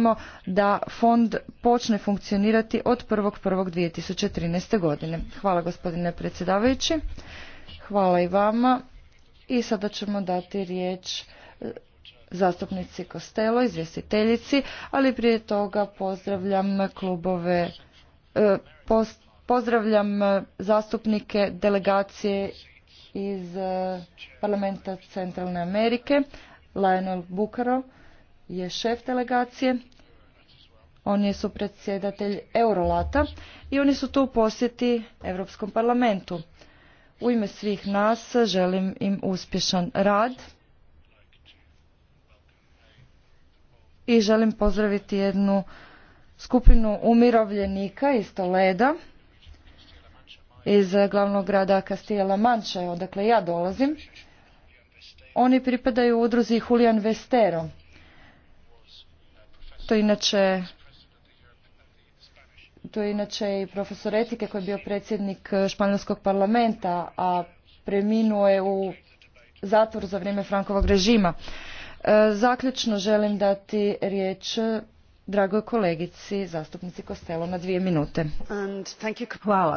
smo da fond počne funkcionirati od 1.1.2013. godine. Hvala gospodine predsjedavajući. Hvala i vama. I sada ćemo dati riječ e, zastupnici Kostelo, izvjestiteljici, ali prije toga pozdravljam klubove, e, pozdravljam zastupnike delegacije iz e, Parlamenta Centralne Amerike, Lionel Bukaro, je šef delegacije. On je supredsjedatelj Eurolata i oni su tu u posjeti Europskom parlamentu. U ime svih nas želim im uspješan rad i želim pozdraviti jednu skupinu umirovljenika iz Toleda iz glavnog grada Castilla Mancha, odakle ja dolazim. Oni pripadaju udruzi Julian Vestero. To je inače to inače i profesor etike koji je bio predsjednik eh, španjolskog parlamenta, a preminuo je u zatvor za vrijeme Frankovog režima. Eh, zaključno želim dati riječ eh, dragoj kolegici, zastupnici Kostelo, na dvije minute. Hvala